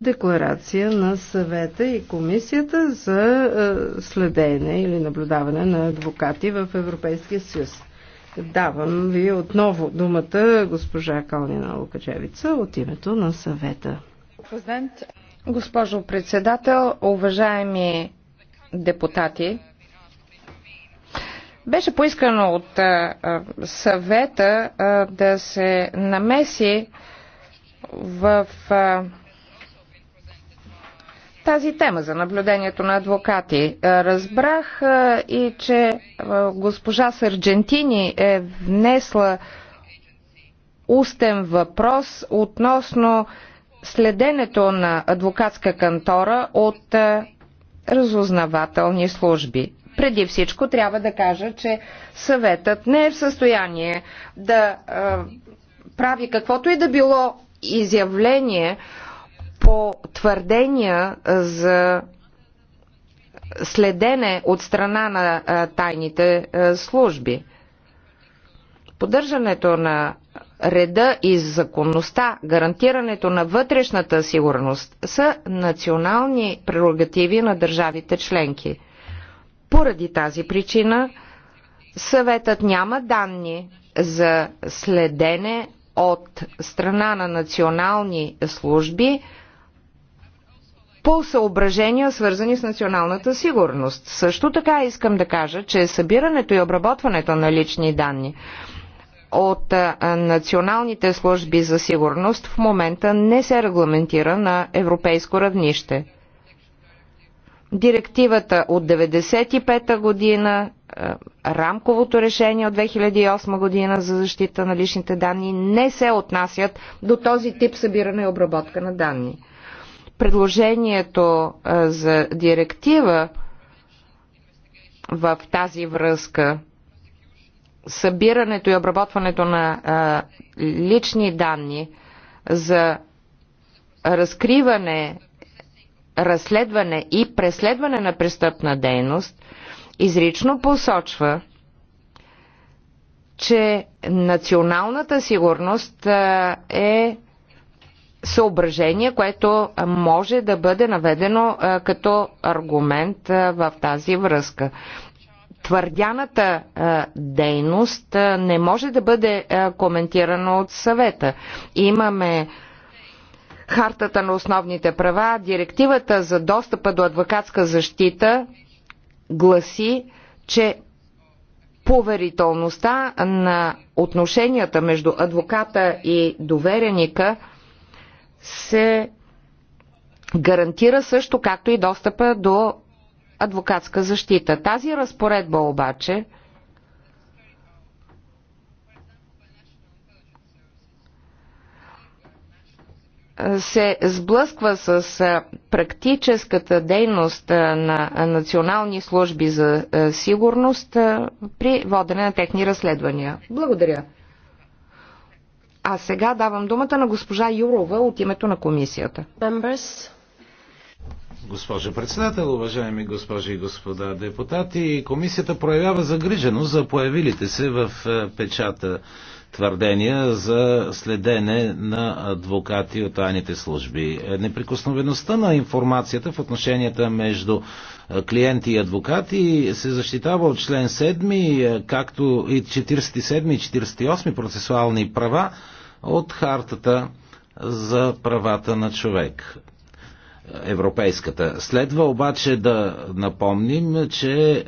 декларация на съвета и комисията за е, следене или наблюдаване на адвокати в Европейския съюз. Давам ви отново думата госпожа Калнина Лукачевица от името на съвета. Госпожо председател, уважаеми депутати, беше поискано от е, съвета е, да се намеси в тази тема за наблюдението на адвокати. Е, разбрах е, и, че е, госпожа Сърджентини е внесла устен въпрос относно следенето на адвокатска кантора от разузнавателни служби. Преди всичко трябва да кажа, че съветът не е в състояние да прави каквото и да било изявление по твърдения за следене от страна на тайните служби. Поддържането на реда и законността, гарантирането на вътрешната сигурност са национални прерогативи на държавите членки. Поради тази причина съветът няма данни за следене от страна на национални служби по съображения, свързани с националната сигурност. Също така искам да кажа, че събирането и обработването на лични данни от националните служби за сигурност в момента не се регламентира на европейско равнище. Директивата от 1995 година, рамковото решение от 2008 година за защита на личните данни не се отнасят до този тип събиране и обработка на данни предложението за директива в тази връзка, събирането и обработването на лични данни за разкриване, разследване и преследване на престъпна дейност изрично посочва, че националната сигурност е съображение, което може да бъде наведено като аргумент в тази връзка. Твърдяната дейност не може да бъде коментирана от съвета. Имаме Хартата на основните права, директивата за достъпа до адвокатска защита гласи, че поверителността на отношенията между адвоката и довереника – се гарантира също както и достъпа до адвокатска защита. Тази разпоредба обаче се сблъсква с практическата дейност на национални служби за сигурност при водене на техни разследвания. Благодаря. А сега давам думата на госпожа Юрова от името на комисията. Госпожо председател, уважаеми госпожи и господа депутати, комисията проявява загриженост за появилите се в е, печата твърдения за следене на адвокати от тайните служби. Е, неприкосновеността на информацията в отношенията между е, клиенти и адвокати се защитава от член 7, както и 47 и 48 процесуални права от хартата за правата на човек европейската. Следва обаче да напомним, че е,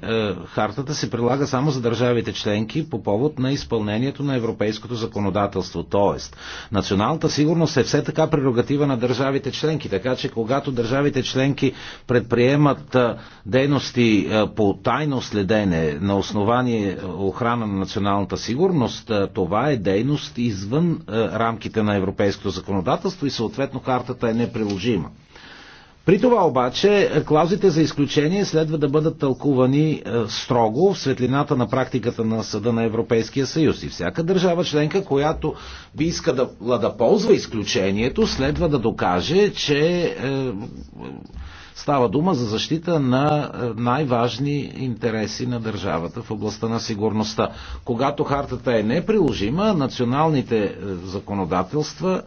хартата се прилага само за държавите членки по повод на изпълнението на европейското законодателство. Тоест, националната сигурност е все така прерогатива на държавите членки, така че когато държавите членки предприемат е, дейности е, по тайно следене на основание охрана на националната сигурност, това е дейност извън рамките на европейското законодателство и съответно хартата е неприложима. При това обаче клаузите за изключение следва да бъдат тълкувани е, строго в светлината на практиката на Съда на Европейския съюз. И всяка държава членка, която би искала да, да ползва изключението, следва да докаже, че е, става дума за защита на е, най-важни интереси на държавата в областта на сигурността. Когато хартата е неприложима, националните е, законодателства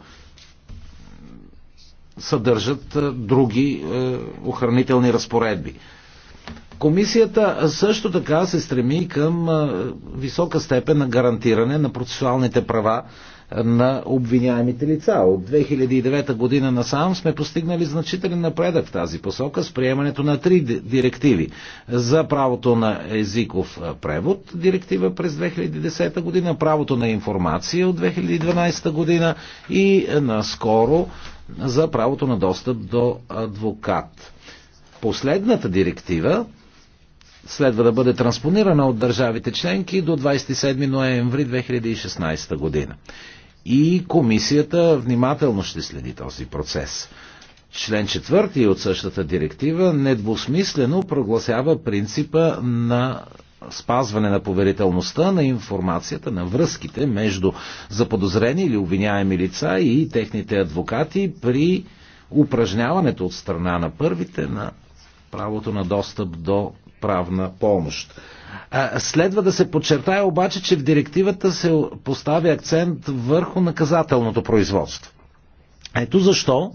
съдържат е, други е, охранителни разпоредби. Комисията също така се стреми към е, висока степен на гарантиране на процесуалните права на обвиняемите лица. От 2009 година насам сме постигнали значителен напредък в тази посока с приемането на три директиви. За правото на езиков превод, директива през 2010 година, правото на информация от 2012 година и наскоро за правото на достъп до адвокат. Последната директива следва да бъде транспонирана от държавите членки до 27 ноември 2016 година. И комисията внимателно ще следи този процес. Член 4 от същата директива недвусмислено прогласява принципа на спазване на поверителността на информацията, на връзките между заподозрени или обвиняеми лица и техните адвокати при упражняването от страна на първите на правото на достъп до правна помощ. Следва да се подчертая обаче, че в директивата се поставя акцент върху наказателното производство. Ето защо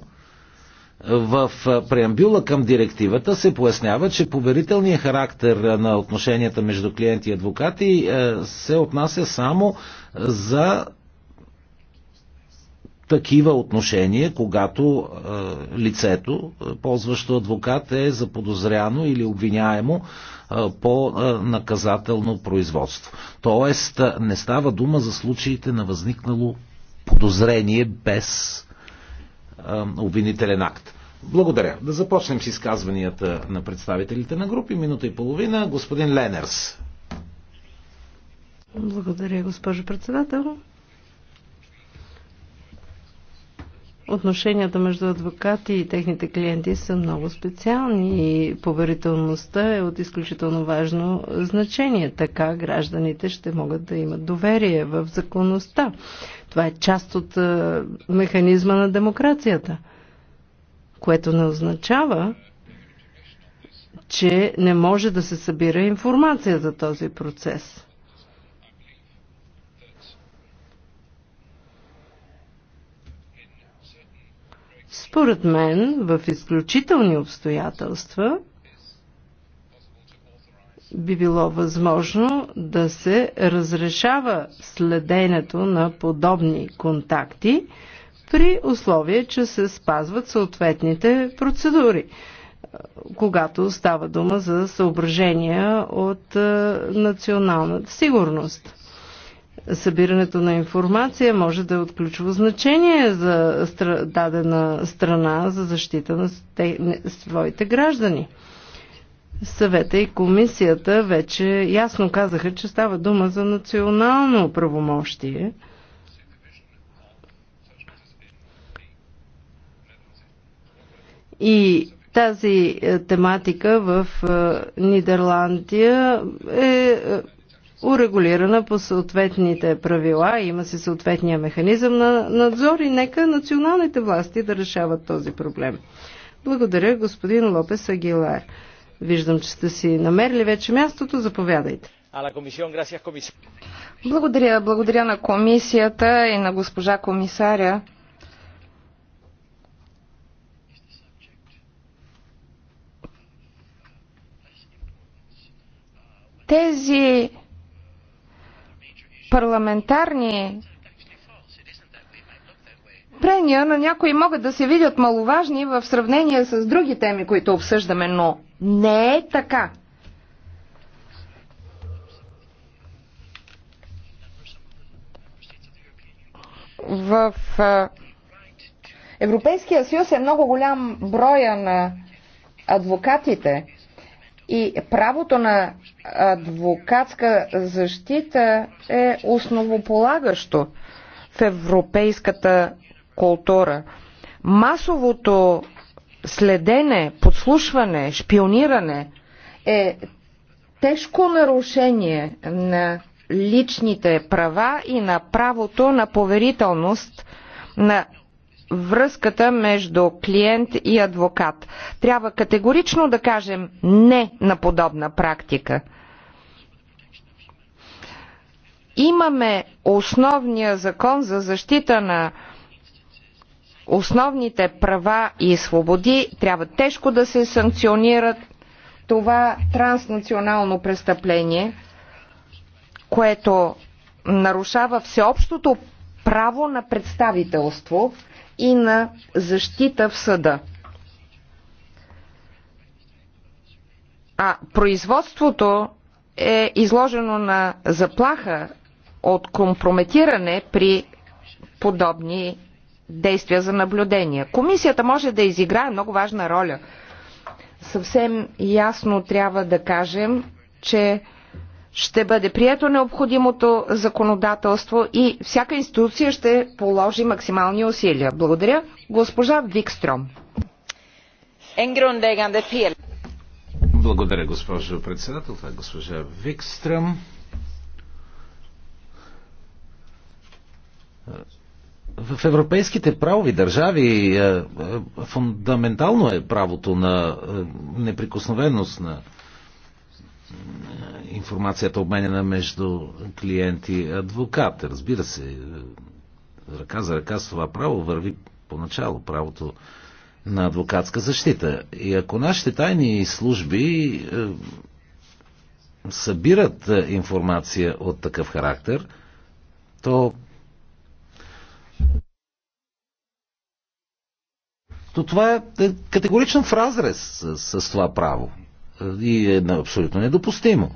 в преамбюла към директивата се пояснява, че поверителният характер на отношенията между клиенти и адвокати се отнася само за такива отношения, когато е, лицето, ползващо адвокат, е заподозряно или обвиняемо е, по е, наказателно производство. Тоест, не става дума за случаите на възникнало подозрение без обвинителен акт. Благодаря. Да започнем с изказванията на представителите на групи. Минута и половина. Господин Ленерс. Благодаря, госпожо председател. отношенията между адвокати и техните клиенти са много специални и поверителността е от изключително важно значение. Така гражданите ще могат да имат доверие в законността. Това е част от е, механизма на демокрацията, което не означава, че не може да се събира информация за този процес. Според мен, в изключителни обстоятелства би било възможно да се разрешава следенето на подобни контакти при условие, че се спазват съответните процедури когато става дума за съображения от е, националната сигурност събирането на информация може да е от ключово значение за дадена страна за защита на своите граждани. Съвета и комисията вече ясно казаха, че става дума за национално правомощие. И тази е, тематика в е, Нидерландия е, е урегулирана по съответните правила, има се съответния механизъм на надзор и нека националните власти да решават този проблем. Благодаря, господин Лопес Агилар. Виждам, че сте си намерили вече мястото. Заповядайте. Благодаря, благодаря на комисията и на госпожа комисаря. Тези парламентарни прения на някои могат да се видят маловажни в сравнение с други теми, които обсъждаме, но не е така. В Европейския съюз е много голям броя на адвокатите, и правото на адвокатска защита е основополагащо в европейската култура. Масовото следене, подслушване, шпиониране е тежко нарушение на личните права и на правото на поверителност на връзката между клиент и адвокат. Трябва категорично да кажем не на подобна практика. Имаме основния закон за защита на основните права и свободи. Трябва тежко да се санкционират това транснационално престъпление, което нарушава всеобщото право на представителство и на защита в съда. А производството е изложено на заплаха от компрометиране при подобни действия за наблюдение. Комисията може да изиграе много важна роля. Съвсем ясно трябва да кажем, че ще бъде прието необходимото законодателство и всяка институция ще положи максимални усилия. Благодаря. Госпожа Викстром. Благодаря, госпожо председател. Това е госпожа Викстрам. В европейските правови държави е, е, фундаментално е правото на е, неприкосновеност на информацията обменена между клиент и адвокат. Разбира се, ръка за ръка с това право върви поначало правото на адвокатска защита. И ако нашите тайни служби е, събират е, информация от такъв характер, то то това е, е категоричен в разрез с, с това право и е абсолютно недопустимо.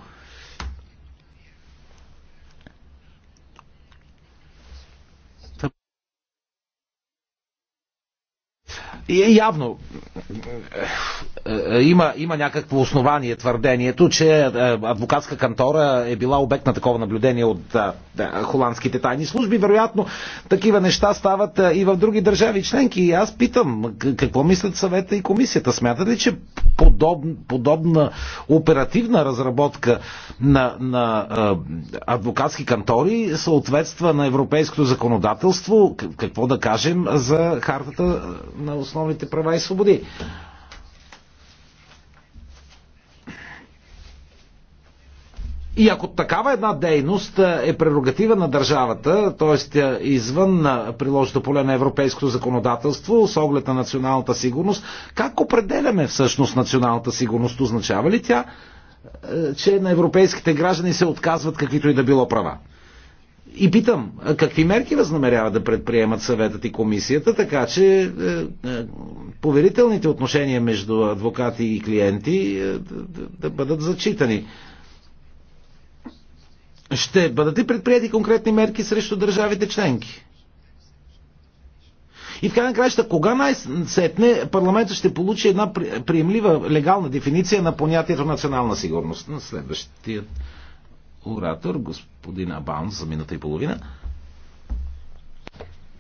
И е явно е, е, има, има някакво основание твърдението, че е, адвокатска кантора е била обект на такова наблюдение от да, холандските тайни служби. Вероятно, такива неща стават и в други държави членки. И аз питам, какво мислят съвета и комисията? Смятате ли, че подоб, подобна оперативна разработка на, на а, адвокатски кантори съответства на европейското законодателство. Какво да кажем за хартата на основните права и свободи? И ако такава една дейност е, е прерогатива на държавата, т.е. извън е, приложното поле на европейското законодателство, с оглед на националната сигурност, как определяме всъщност националната сигурност? Означава ли тя, е, че на европейските граждани се отказват каквито и да било права? И питам, какви мерки възнамерява да предприемат съветът и комисията, така че поверителните отношения между адвокати и клиенти да, да бъдат зачитани? Ще бъдат ли предприяти конкретни мерки срещу държавите членки? И в крайна краща, кога най-сетне парламентът ще получи една приемлива легална дефиниция на понятието национална сигурност? На следващия оратор, господин Абан, за минута и половина.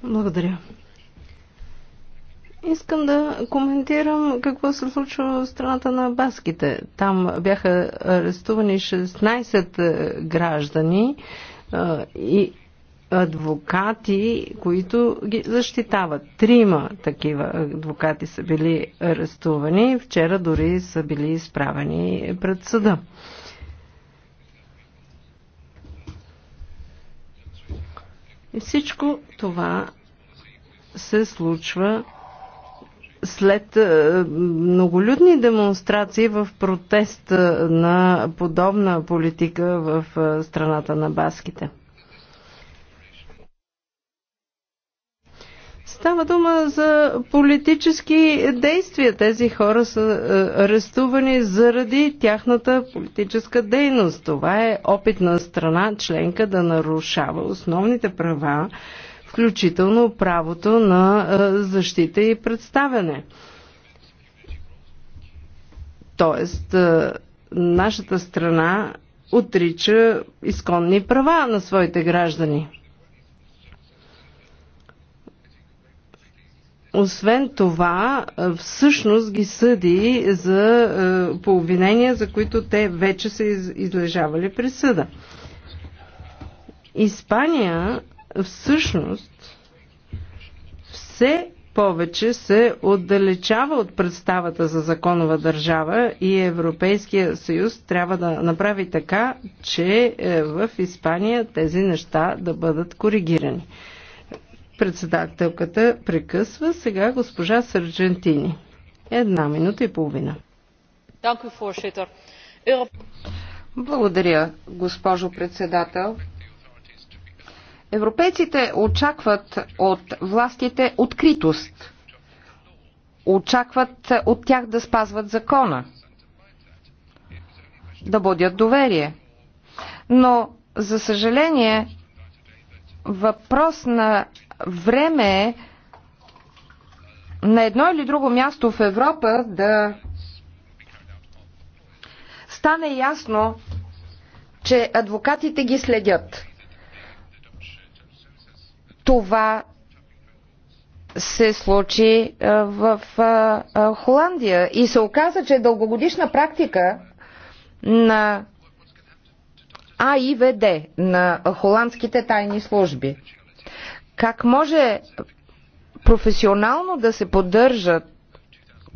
Благодаря. Искам да коментирам какво се случва в страната на баските. Там бяха арестувани 16 е, граждани е, и адвокати, които ги защитават. Трима такива адвокати са били арестувани. Вчера дори са били изправени пред съда. И всичко това се случва след е, многолюдни демонстрации в протест е, на подобна политика в е, страната на баските. Става дума за политически действия. Тези хора са арестувани заради тяхната политическа дейност. Това е опит на страна членка да нарушава основните права включително правото на е, защита и представяне. Тоест, е, нашата страна отрича изконни права на своите граждани. Освен това, е, всъщност ги съди за по обвинения, за които те вече са излежавали присъда. Испания всъщност все повече се отдалечава от представата за законова държава и Европейския съюз трябва да направи така, че е, в Испания тези неща да бъдат коригирани. Председателката прекъсва сега госпожа Сърджентини. Една минута и половина. Благодаря, госпожо председател. Европейците очакват от властите откритост. Очакват от тях да спазват закона, да бъдят доверие. Но, за съжаление, въпрос на време е на едно или друго място в Европа да стане ясно, че адвокатите ги следят. Това се случи е, в е, е, Холандия и се оказа, че дългогодишна практика на АИВД, на холандските тайни служби. Как може професионално да се поддържа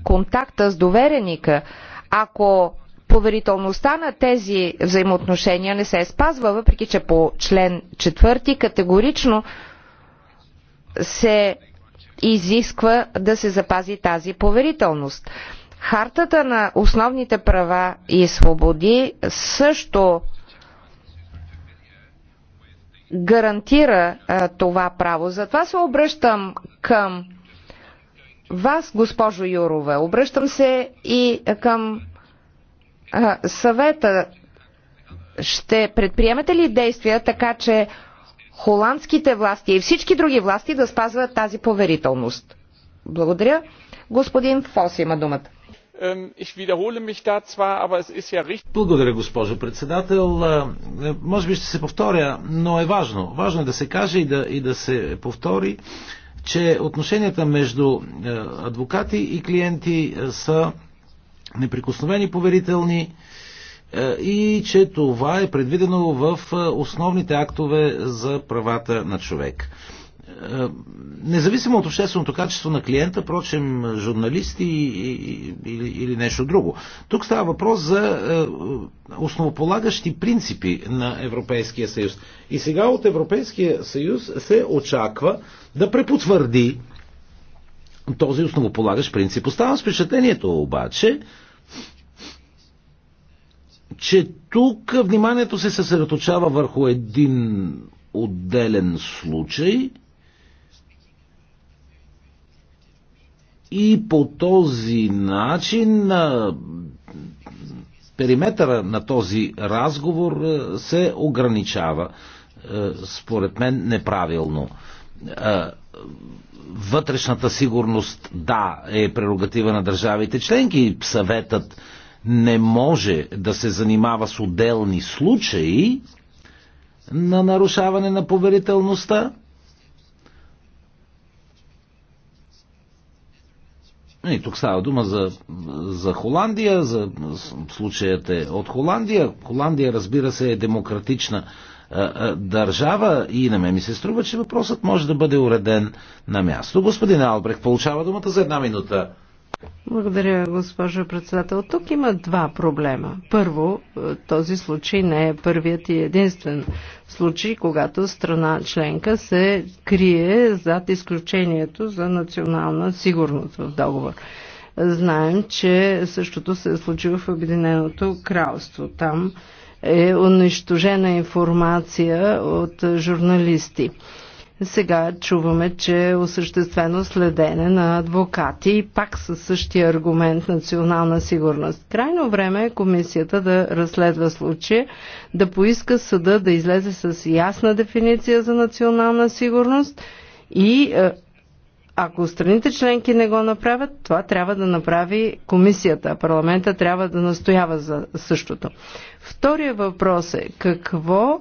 контакта с довереника, ако поверителността на тези взаимоотношения не се е спазва, въпреки че по член 4 категорично се изисква да се запази тази поверителност. Хартата на основните права и свободи също гарантира а, това право. Затова се обръщам към вас, госпожо Юрова. Обръщам се и към а, съвета. Ще предприемете ли действия така, че холандските власти и всички други власти да спазват тази поверителност. Благодаря. Господин Фос има думата. Благодаря, госпожо председател. Е, е, може би ще се повторя, но е важно. Важно е да се каже и да, и да се повтори, че отношенията между е, адвокати и клиенти са неприкосновени, поверителни е, и че това е предвидено в е, основните актове за правата на човек. Е, независимо от общественото качество на клиента, прочим, журналисти или, или нещо друго. Тук става въпрос за основополагащи принципи на Европейския съюз. И сега от Европейския съюз се очаква да препотвърди този основополагащ принцип. Оставам с впечатлението обаче, че тук вниманието се съсредоточава върху един отделен случай и по този начин периметъра на този разговор е, се ограничава, е, според мен, неправилно. Е, вътрешната сигурност, да, е прерогатива на държавите членки. Съветът не може да се занимава с отделни случаи на нарушаване на поверителността. И тук става дума за, за Холандия, за случаят е от Холандия. Холандия, разбира се, е демократична е, е, държава и на мен ми се струва, че въпросът може да бъде уреден на място. Господин Албрех получава думата за една минута. Благодаря, госпожо председател. Тук има два проблема. Първо, е, този случай не е първият и единствен случай, когато страна членка се крие зад изключението за национална сигурност в договор. Знаем, че същото се е случило в Обединеното кралство. Там е унищожена информация от журналисти. Сега чуваме, че е осъществено следене на адвокати и пак със същия аргумент национална сигурност. Крайно време е комисията да разследва случая, да поиска съда да излезе с ясна дефиниция за национална сигурност и е, ако страните членки не го направят, това трябва да направи комисията. Парламента трябва да настоява за същото. Втория въпрос е какво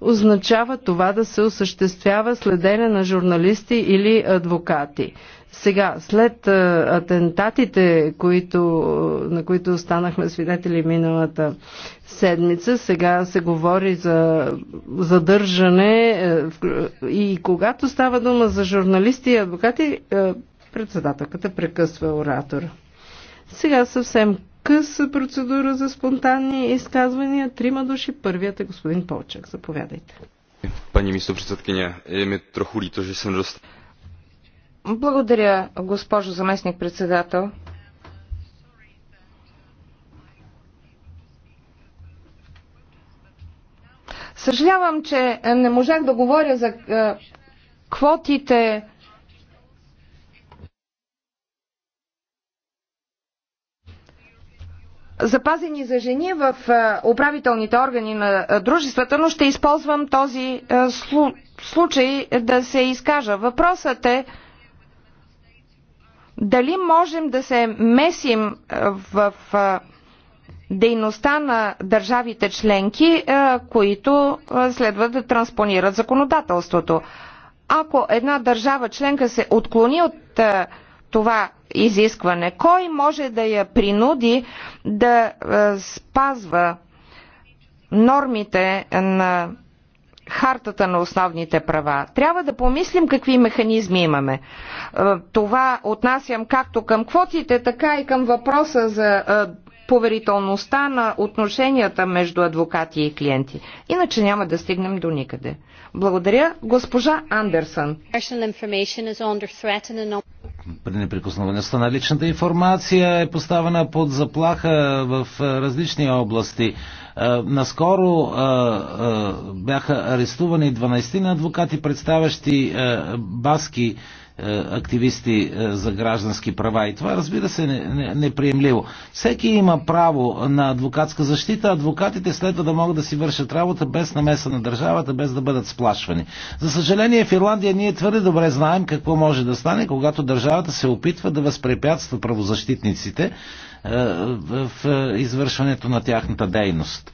означава това да се осъществява следене на журналисти или адвокати. Сега, след атентатите, които, на които останахме свидетели миналата седмица, сега се говори за задържане е, и когато става дума за журналисти и адвокати, е, председателката прекъсва оратора. Сега съвсем къс процедура за спонтанни изказвания. Трима души. Първият е господин Полчак. Заповядайте. Пани мисто председкиня, е ме троху лито, че съм дост... Благодаря, госпожо заместник председател. Съжалявам, че не можах да говоря за е, квотите запазени за жени в е, управителните органи на е, дружествата, но ще използвам този е, случай да се изкажа. Въпросът е дали можем да се месим в дейността на държавите членки, които следва да транспонират законодателството. Ако една държава членка се отклони от това изискване? Кой може да я принуди да е, спазва нормите на хартата на основните права. Трябва да помислим какви механизми имаме. Е, това отнасям както към квотите, така и към въпроса за е, поверителността на отношенията между адвокати и клиенти. Иначе няма да стигнем до никъде. Благодаря, госпожа Андерсън неприкосновеността на личната информация е поставена под заплаха в различни области. Наскоро бяха арестувани 12 на адвокати, представящи баски е, активисти е, за граждански права. И това, разбира се, е неприемливо. Всеки има право на адвокатска защита. Адвокатите следва да могат да си вършат работа без намеса на държавата, без да бъдат сплашвани. За съжаление, в Ирландия ние твърде добре знаем какво може да стане, когато държавата се опитва да възпрепятства правозащитниците е, в извършването на тяхната дейност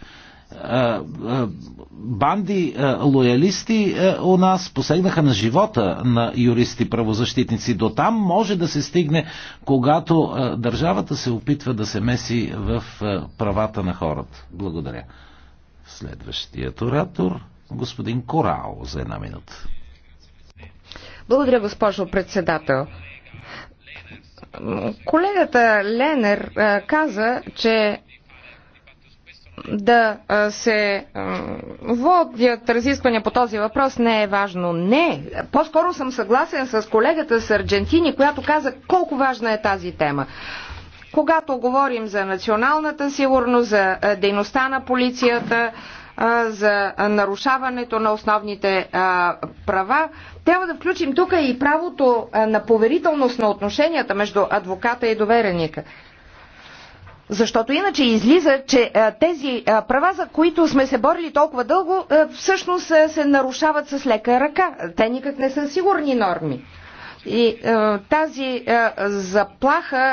банди лоялисти у нас посегнаха на живота на юристи правозащитници. До там може да се стигне, когато държавата се опитва да се меси в правата на хората. Благодаря. Следващият оратор, господин Корао, за една минута. Благодаря, госпожо председател. Колегата Ленер каза, че да се водят разисквания по този въпрос не е важно. Не. По-скоро съм съгласен с колегата с Арджентини, която каза колко важна е тази тема. Когато говорим за националната сигурност, за дейността на полицията, за нарушаването на основните права, трябва да включим тук и правото на поверителност на отношенията между адвоката и довереника. Защото иначе излиза, че тези права, за които сме се борили толкова дълго, всъщност се нарушават с лека ръка. Те никак не са сигурни норми. И тази заплаха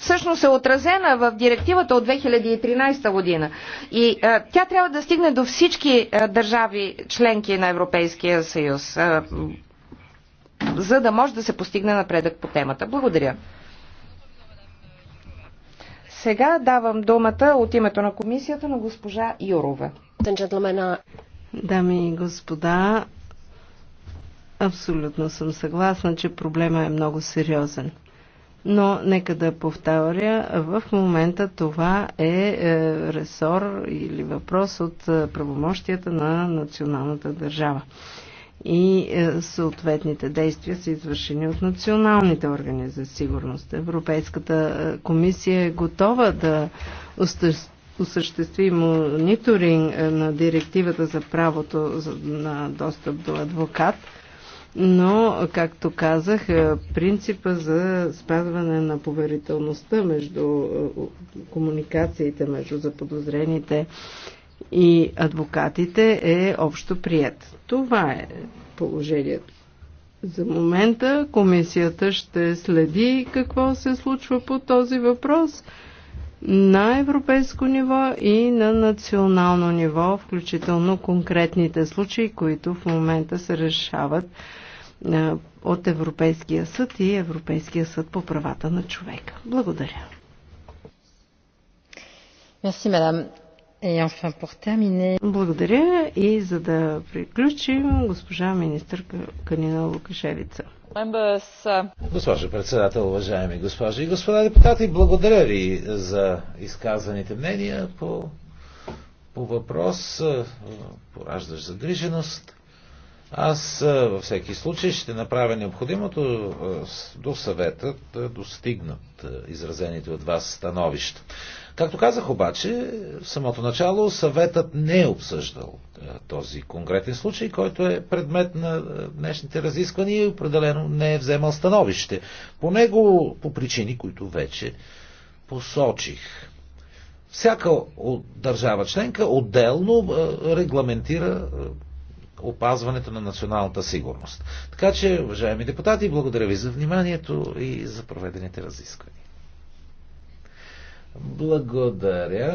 всъщност е отразена в директивата от 2013 година. И тя трябва да стигне до всички държави членки на Европейския съюз, за да може да се постигне напредък по темата. Благодаря. Сега давам думата от името на комисията на госпожа Юрова. Дами и господа, абсолютно съм съгласна, че проблема е много сериозен. Но нека да повторя, в момента това е, е ресор или въпрос от е, правомощията на националната държава и е, съответните действия са извършени от националните органи за сигурност. Европейската е, комисия е готова да осъществи мониторинг е, на директивата за правото на достъп до адвокат, но, както казах, принципа за спазване на поверителността между комуникациите между заподозрените и адвокатите е общо прият. Това е положението. За момента комисията ще следи какво се случва по този въпрос на европейско ниво и на национално ниво, включително конкретните случаи, които в момента се решават от Европейския съд и Европейския съд по правата на човека. Благодаря. Merci, madame. Благодаря и за да приключим госпожа министър Канина Лукашевица. Госпожо председател, уважаеми госпожи и господа депутати, благодаря ви за изказаните мнения по, по въпрос, пораждаш загриженост. Аз във всеки случай ще направя необходимото до съвета да достигнат изразените от вас становища. Както казах обаче, в самото начало съветът не е обсъждал е, този конкретен случай, който е предмет на е, днешните разисквания и определено не е вземал становище. По него, по причини, които вече посочих. Всяка от държава членка отделно е, регламентира опазването на националната сигурност. Така че, уважаеми депутати, благодаря ви за вниманието и за проведените разисквания. Благодаря.